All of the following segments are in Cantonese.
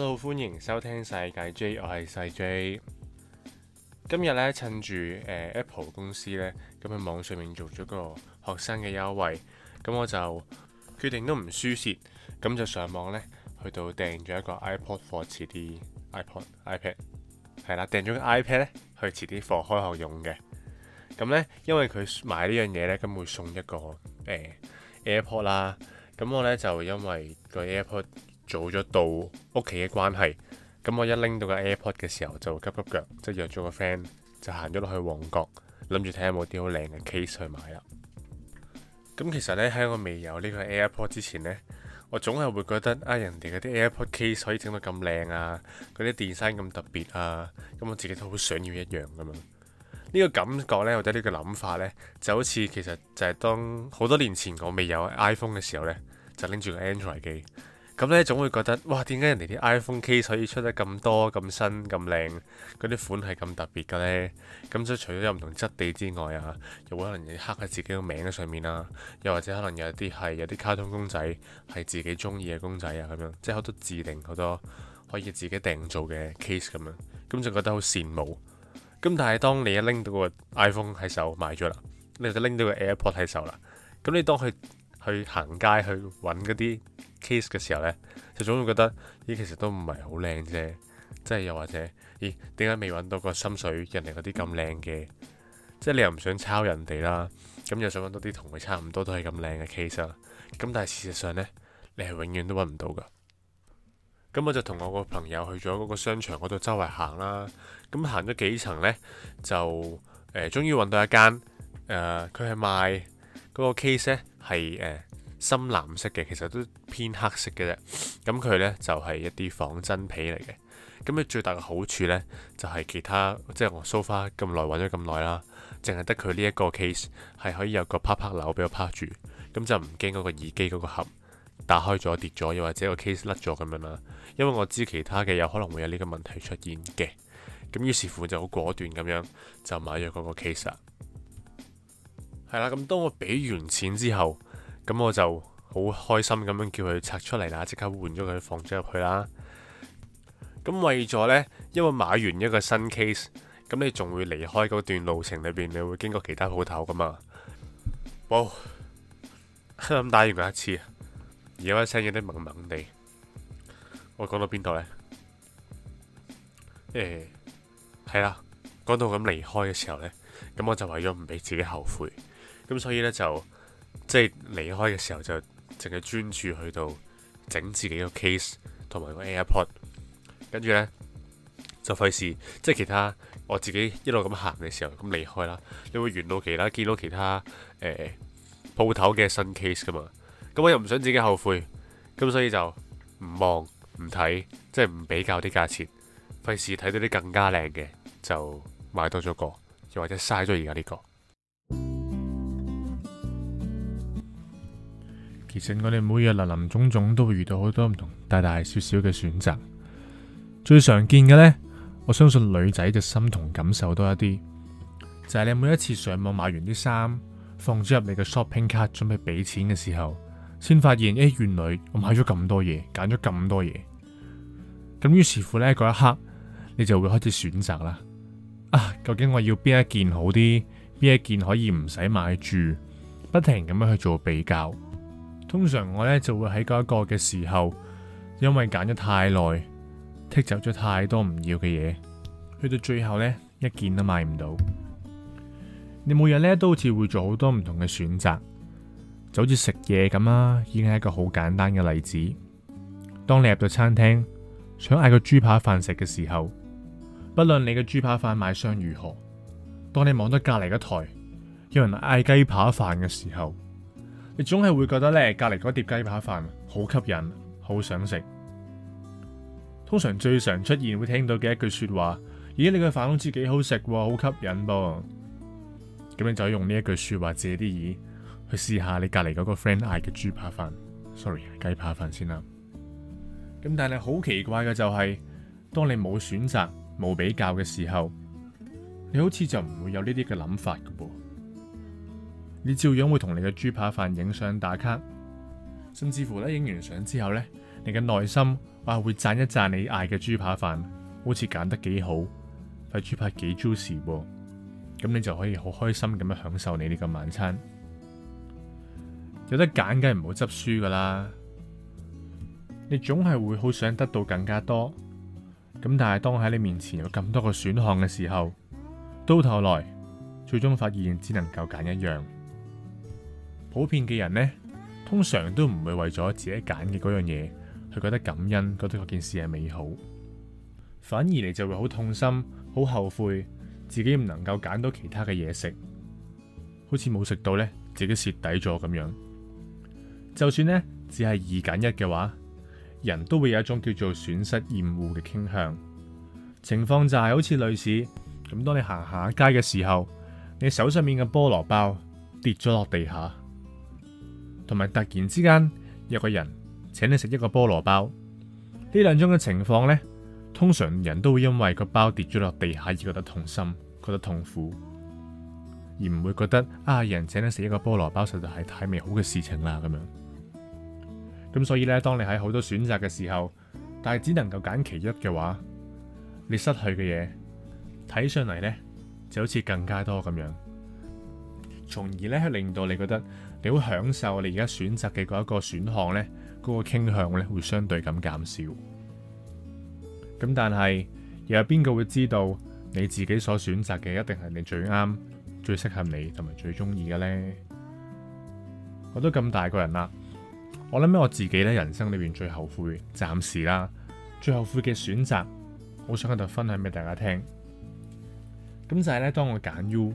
hello，歡迎收聽世界 J，我係細 J。今日咧，趁住誒、呃、Apple 公司咧咁喺網上面做咗個學生嘅優惠，咁我就決定都唔輸蝕，咁就上網咧去到訂咗一個 iPod，放遲啲 iPod iPad 係啦，訂咗個 iPad 咧去遲啲放開學用嘅。咁咧，因為佢買呢樣嘢咧，咁會送一個誒、呃、AirPod 啦。咁我咧就因為個 AirPod。做咗到屋企嘅關係，咁我一拎到個 AirPod 嘅時候，就會急急腳，即約咗個 friend 就行咗落去旺角，諗住睇下有冇啲好靚嘅 case 去買啦。咁其實呢，喺我未有呢個 AirPod 之前呢，我總係會覺得啊，人哋嗰啲 AirPod case 可以整到咁靚啊，嗰啲 design 咁特別啊，咁我自己都好想要一樣咁樣。呢個感覺呢，或者呢個諗法呢，就好似其實就係當好多年前我未有 iPhone 嘅時候呢，就拎住個 Android 機。咁咧總會覺得，哇！點解人哋啲 iPhone case 可以出得咁多、咁新、咁靚，嗰啲款係咁特別嘅呢？咁所以除咗有唔同質地之外啊，又可能要刻喺自己個名喺上面啦，又或者可能有啲係有啲卡通公仔係自己中意嘅公仔啊，咁樣即係好多自定、好多可以自己訂做嘅 case 咁樣，咁就覺得好羨慕。咁但係當你一拎到個 iPhone 喺手買咗啦，你就拎到個 AirPod 喺手啦，咁你當去去行街去揾嗰啲。case 嘅時候呢，就總會覺得，咦，其實都唔係好靚啫，即係又或者，咦，點解未揾到個心水人哋嗰啲咁靚嘅？即係你又唔想抄人哋啦，咁又想揾到啲同佢差唔多都係咁靚嘅 case 啦。咁但係事實上呢，你係永遠都揾唔到噶。咁我就同我個朋友去咗嗰個商場嗰度周圍行啦。咁行咗幾層呢，就誒、呃、終於揾到一間誒，佢、呃、係賣嗰個 case 呢，係誒。呃深藍色嘅，其實都偏黑色嘅啫。咁佢呢就係、是、一啲仿真皮嚟嘅。咁佢最大嘅好處呢，就係、是、其他即係我 so far 咁耐揾咗咁耐啦，淨係得佢呢一個 case 係可以有一個啪啪紐俾我啪住，咁就唔驚嗰個耳機嗰個盒打開咗跌咗，又或者個 case 甩咗咁樣啦。因為我知其他嘅有可能會有呢個問題出現嘅。咁於是乎就好果斷咁樣就買咗嗰個 case 啦。係啦，咁當我俾完錢之後。咁我就好開心咁樣叫佢拆出嚟啦，即刻換咗佢放咗入去啦。咁為咗呢，因為買完一個新 case，咁你仲會離開嗰段路程裏邊，你會經過其他鋪頭噶嘛？冇，咁打完一次，而一聲有啲萌萌地。我講到邊度呢？誒、欸，係啦，講到咁離開嘅時候呢，咁我就為咗唔俾自己後悔，咁所以呢，就。即係離開嘅時候就淨係專注去到整自己個 case 同埋個 AirPod，跟住呢，就費事即係其他我自己一路咁行嘅時候咁離開啦，你會沿路其他見到其他誒鋪頭嘅新 case 噶嘛？咁我又唔想自己後悔，咁所以就唔望唔睇，即係唔比較啲價錢，費事睇到啲更加靚嘅就買多咗個，又或者嘥咗而家呢個。其實我哋每日林林種種都會遇到好多唔同大大小小嘅選擇，最常見嘅呢，我相信女仔嘅心同感受多一啲，就係你每一次上網買完啲衫，放咗入你嘅 shopping 卡，準備俾錢嘅時候，先發現誒，原來我買咗咁多嘢，揀咗咁多嘢，咁於是乎呢，嗰一刻你就會開始選擇啦，啊，究竟我要邊一件好啲，邊一件可以唔使買住，不停咁樣去做比較。通常我呢就會喺嗰一個嘅時候，因為揀咗太耐，剔走咗太多唔要嘅嘢，去到最後呢，一件都買唔到。你每日呢都好似會做好多唔同嘅選擇，就好似食嘢咁啊，已經係一個好簡單嘅例子。當你入到餐廳想嗌個豬扒飯食嘅時候，不論你嘅豬扒飯賣相如何，當你望到隔籬嘅台有人嗌雞扒飯嘅時候，你總係會覺得咧，隔籬嗰碟雞扒飯好吸引，好想食。通常最常出現會聽到嘅一句說話：咦，你個飯好似幾好食，好吸引噃。咁你就用呢一句說話借啲意去試下你隔籬嗰個 friend 嗌嘅豬扒飯，sorry，雞扒飯先啦。咁但係好奇怪嘅就係、是，當你冇選擇、冇比較嘅時候，你好似就唔會有呢啲嘅諗法嘅噃。你照樣會同你嘅豬扒飯影相打卡，甚至乎咧影完相之後呢，你嘅內心話會讚一讚你嗌嘅豬扒飯，好似揀得幾好，塊豬扒幾 juicy 喎。咁你就可以好開心咁樣享受你呢個晚餐。有得揀梗係唔好執輸噶啦，你總係會好想得到更加多。咁但係當喺你面前有咁多個選項嘅時候，到頭來最終發現只能夠揀一樣。普遍嘅人呢，通常都唔會為咗自己揀嘅嗰樣嘢，去覺得感恩，覺得嗰件事係美好，反而你就會好痛心，好後悔自己唔能夠揀到其他嘅嘢食，好似冇食到呢，自己蝕底咗咁樣。就算呢只係二揀一嘅話，人都會有一種叫做損失厭惡嘅傾向。情況就係好似類似咁，當你行下街嘅時候，你手上面嘅菠蘿包跌咗落地下。同埋突然之間有個人請你食一個菠蘿包，呢兩種嘅情況呢，通常人都會因為個包跌咗落地下，而覺得痛心，覺得痛苦，而唔會覺得啊人請你食一個菠蘿包，實在係太美好嘅事情啦咁樣。咁所以呢，當你喺好多選擇嘅時候，但係只能夠揀其一嘅話，你失去嘅嘢睇上嚟，呢就好似更加多咁樣，從而呢令到你覺得。你好享受你而家選擇嘅嗰一個選項呢，嗰、嗰個傾向呢會相對咁減少。咁但係，又有邊個會知道你自己所選擇嘅一定係你最啱、最適合你同埋最中意嘅呢？我都咁大個人啦，我諗起我自己呢，人生裏面最後悔，暫時啦，最後悔嘅選擇，我想喺度分享俾大家聽。咁就係呢，當我揀 U，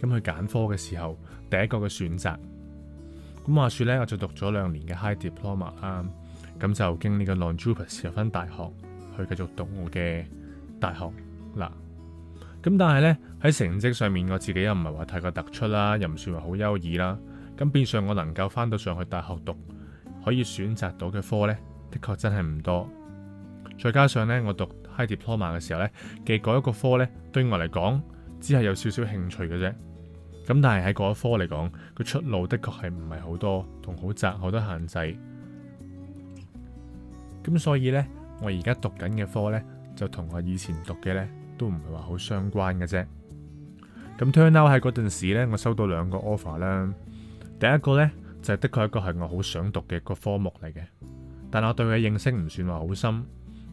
咁去揀科嘅時候，第一個嘅選擇。咁話說呢，我就讀咗兩年嘅 High Diploma 啦，咁就經呢個 Non-JUPAS 入翻大學去繼續讀我嘅大學啦。咁但係呢，喺成績上面，我自己又唔係話太過突出啦，又唔算話好優異啦。咁變相我能夠翻到上去大學讀，可以選擇到嘅科呢，的確真係唔多。再加上呢，我讀 High Diploma 嘅時候呢，嘅嗰一個科呢，對我嚟講，只係有少少興趣嘅啫。咁但係喺嗰一科嚟講，佢出路的確係唔係好多，同好窄，好多限制。咁所以呢，我而家讀緊嘅科呢，就同我以前讀嘅呢，都唔係話好相關嘅啫。咁 turn out 喺嗰陣時呢，我收到兩個 offer 啦。第一個呢，就係的確一個係我好想讀嘅個科目嚟嘅，但我對佢認識唔算話好深，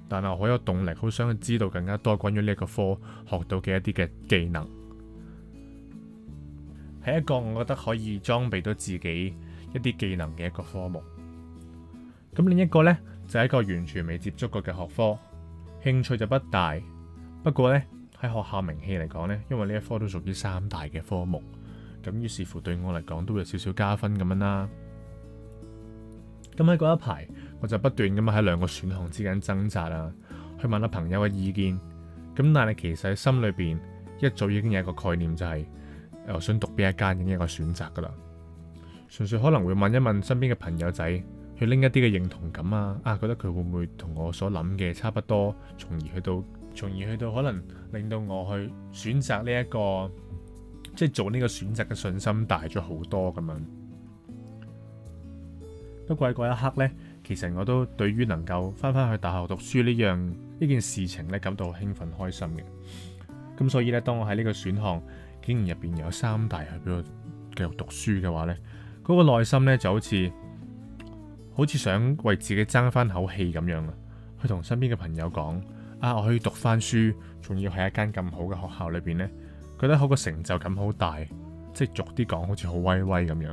但係我好有動力，好想去知道更加多關於呢個科學到嘅一啲嘅技能。係一個我覺得可以裝備到自己一啲技能嘅一個科目。咁另一個呢，就係、是、一個完全未接觸過嘅學科，興趣就不大。不過呢，喺學校名氣嚟講呢，因為呢一科都屬於三大嘅科目，咁於是乎對我嚟講都有少少加分咁樣啦。咁喺嗰一排我就不斷咁喺兩個選項之間掙扎啦，去問下朋友嘅意見。咁但係其實喺心裏邊一早已經有一個概念就係、是。又想讀邊一間，已經係一個選擇噶啦。純粹可能會問一問身邊嘅朋友仔，去拎一啲嘅認同感啊，啊，覺得佢會唔會同我所諗嘅差不多，從而去到，從而去到可能令到我去選擇呢一個，即係做呢個選擇嘅信心大咗好多咁樣。不過喺嗰一刻呢，其實我都對於能夠翻翻去大學讀書呢樣呢件事情呢，感到興奮開心嘅。咁所以呢，當我喺呢個選項。竟然入邊有三大係俾我繼續讀書嘅話呢，嗰、嗰個內心呢就好似好似想為自己爭翻口氣咁樣啊！佢同身邊嘅朋友講：啊，我可以讀翻書，仲要喺一間咁好嘅學校裏邊呢，覺得好個成就感好大。即係俗啲講，好似好威威咁樣。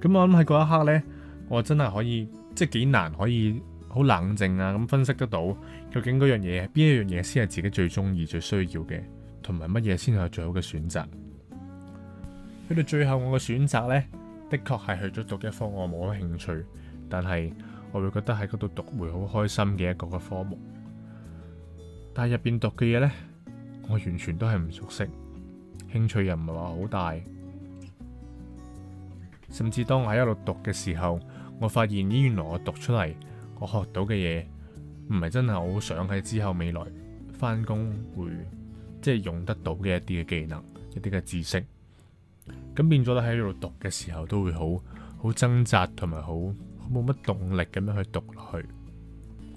咁我諗喺嗰一刻呢，我真係可以即係幾難，可以好冷靜啊咁分析得到，究竟嗰樣嘢邊一樣嘢先係自己最中意、最需要嘅。同埋乜嘢先係最好嘅選擇？去到最後，我嘅選擇呢，的確係去咗讀一科，我冇乜興趣。但係我會覺得喺嗰度讀會好開心嘅一個嘅科目。但係入邊讀嘅嘢呢，我完全都係唔熟悉，興趣又唔係話好大。甚至當我喺一路讀嘅時候，我發現，原來我讀出嚟，我學到嘅嘢唔係真係好想喺之後未來返工會。即係用得到嘅一啲嘅技能，一啲嘅知識，咁變咗咧喺呢度讀嘅時候都會好好掙扎，同埋好冇乜動力咁樣去讀落去。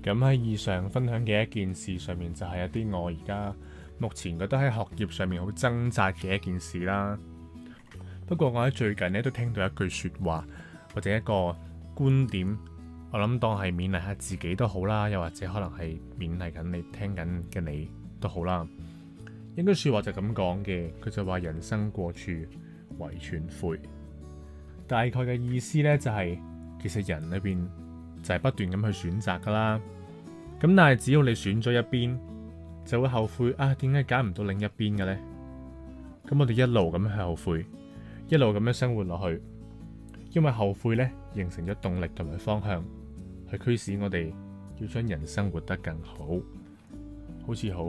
咁喺以上分享嘅一件事上面，就係一啲我而家目前覺得喺學業上面好掙扎嘅一件事啦。不過我喺最近呢，都聽到一句說話或者一個觀點，我諗當係勉勵下自己都好啦，又或者可能係勉勵緊你聽緊嘅你都好啦。應該說話就咁講嘅，佢就話，人生過處唯全悔。大概嘅意思呢，就係、是，其實人裏邊就係不斷咁去選擇噶啦。咁但係只要你選咗一邊，就會後悔啊！點解揀唔到另一邊嘅呢？咁我哋一路咁去後悔，一路咁樣生活落去，因為後悔呢，形成咗動力同埋方向去驅使我哋要將人生活得更好，好似好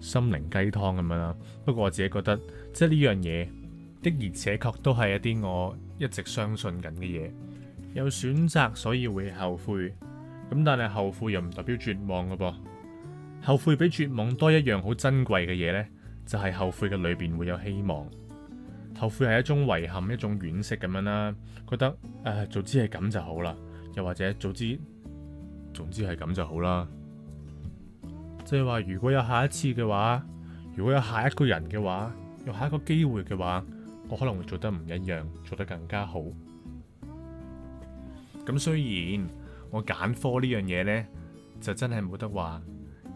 心靈雞湯咁樣啦，不過我自己覺得，即係呢樣嘢的而且確都係一啲我一直相信緊嘅嘢。有選擇，所以會後悔，咁但係後悔又唔代表絕望㗎噃。後悔比絕望多一樣好珍貴嘅嘢呢，就係後悔嘅裏邊會有希望。後悔係一種遺憾，一種惋惜咁樣啦，覺得誒早知係咁就好啦，又或者早知，早知係咁就好啦。即係話，如果有下一次嘅話，如果有下一個人嘅話，有下一個機會嘅話，我可能會做得唔一樣，做得更加好。咁雖然我揀科呢樣嘢呢，就真係冇得話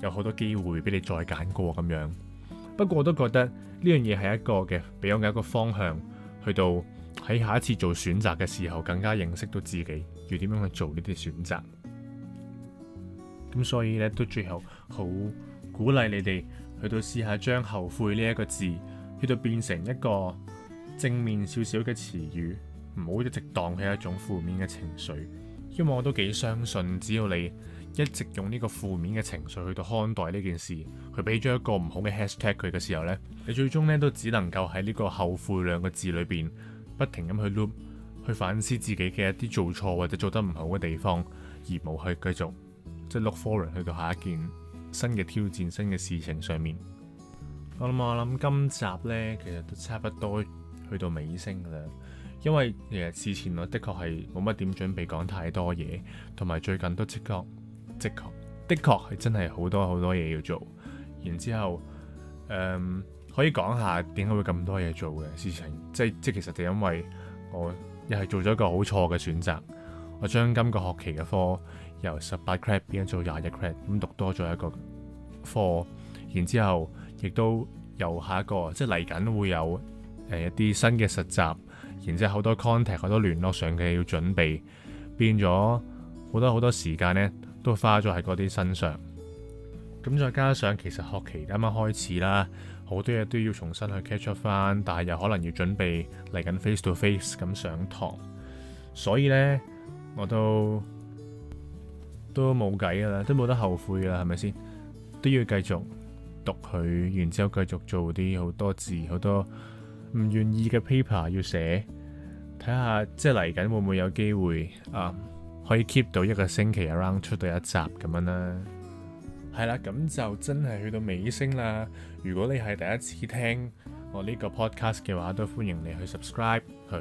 有好多機會俾你再揀過咁樣。不過我都覺得呢樣嘢係一個嘅，俾我嘅一個方向，去到喺下一次做選擇嘅時候，更加認識到自己要點樣去做呢啲選擇。咁所以呢，到最後。好，鼓勵你哋去到試下，將後悔呢一個字去到變成一個正面少少嘅詞語，唔好一直當係一種負面嘅情緒。因為我都幾相信，只要你一直用呢個負面嘅情緒去到看待呢件事，佢俾咗一個唔好嘅 hashtag 佢嘅時候呢，你最終呢，都只能夠喺呢個後悔兩個字裏邊不停咁去 loop 去反思自己嘅一啲做錯或者做得唔好嘅地方，而冇去繼續即係、就是、look forward 去到下一件。新嘅挑戰、新嘅事情上面，我諗我諗，今集呢其實都差不多去到尾聲啦。因為其實事前我的確係冇乜點準備講太多嘢，同埋最近都即確即確的確係真係好多好多嘢要做。然之後，嗯，可以講下點解會咁多嘢做嘅事情，即即其實就因為我又係做咗一個好錯嘅選擇，我將今個學期嘅科。由十八 credit 變咗做廿一 credit 咁讀多咗一個科，然之後亦都由下一個即係嚟緊會有誒一啲新嘅實習，然之後好多 contact 好多聯絡上嘅要準備，變咗好多好多時間呢都花咗喺嗰啲身上。咁再加上其實學期啱啱開始啦，好多嘢都要重新去 catch up 翻，但係又可能要準備嚟緊 face to face 咁上堂，所以呢，我都。都冇計噶啦，都冇得後悔噶啦，係咪先？都要繼續讀佢，然之後繼續做啲好多字、好多唔願意嘅 paper 要寫。睇下即係嚟緊會唔會有機會啊？可以 keep 到一個星期 around 出到一集咁樣啦。係啦，咁就真係去到尾聲啦。如果你係第一次聽我呢個 podcast 嘅話，都歡迎你去 subscribe 佢。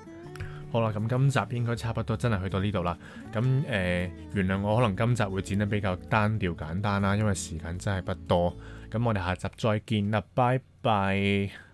好啦，咁今集應該差不多真係去到呢度啦。咁誒、呃，原諒我可能今集會剪得比較單調簡單啦，因為時間真係不多。咁我哋下集再見啦，拜拜。